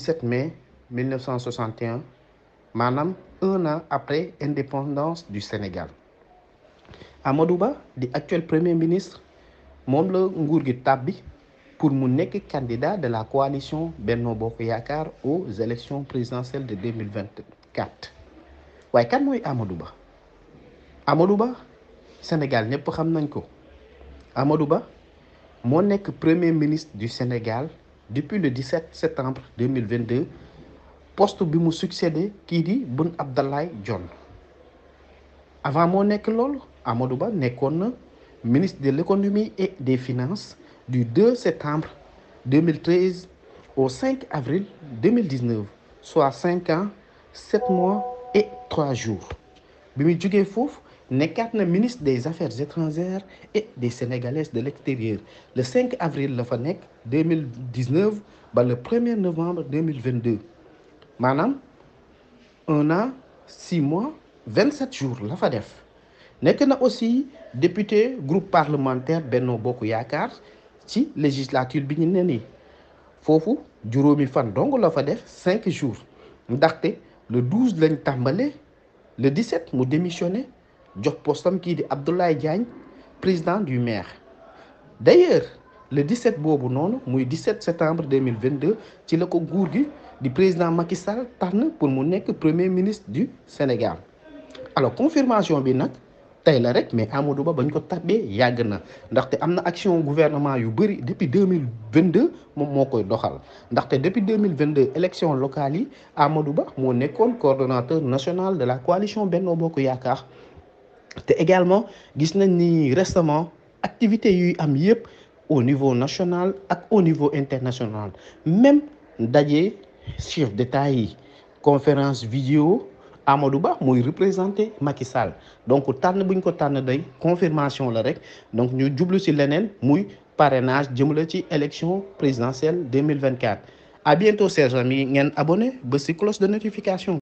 17 mai 1961 maanaam un an après indépendance du Sénégal Amadou Ba di actuel premier ministre moom la nguur gi tàbbi pour mu nekk candidat de la coalition Benno Bokk Yaakaar aux élections présidentielles de 2024 waaye kan mooy Amadou Ba Amadou Ba Sénégal ñëpp xam nañ ko Amadou Ba moo nekk premier ministre du Sénégal depuis le 17 septembre 2022 poste bi mu succédé kii di Boun Abdallah Dionne avant moo nekk loolu Amadou Ba nekkoon na ministre de l'économie et des finances du 2 septembre 2013 au 5 avril 2019 soit 5 ans 7 mois et 3 jours bi mu jógee foofu nekkaat na ministre des affaires étrangères et des sénégalaises de l'extérieur le 5 avril la fa nekk 2019 ba le 1er novembre 2022 maanaam un an six mois vingt sept jours la fa def nekk na aussi député groupe parlementaire Benno Bokk Yaakaar ci législature bi ñu ne nii foofu juróomi fan dong la fa def cinq jours ndaxte le douze lañ tàmbale le dix-sept mu démissionné jox postam kii di Abdoulaye Diagne président du maire d'ailleurs le 17 boobu noonu muy 17 septembre 2022 ci la ko nguur gi di président Macky tax na pour mu nekk premier ministre du Sénégal alors confirmation bi nag tey la rek mais Amadou Ba bañ ko tabbee yàgg na ndaxte am na action gouvernement yu bëri depuis 2022 moom moo koy doxal ndaxte depuis 2022 élection locale yi Amadou Ba moo nekkoon coordonnateur national de la coalition boo ko Yaakaar te également gis nañ ni récemment activités yuy am yëpp au niveau national ak au niveau international même daje chef de d'État yi conférence vidéo Amadou Ba muy représenté Macky Sall donc tànn buñ ko tànn day confirmation la rek donc ñu jublu ci leneen muy jëm jëmale ci élection présidentielle 2024 à bientôt chers amis ngeen abonné ba ci cloche de notification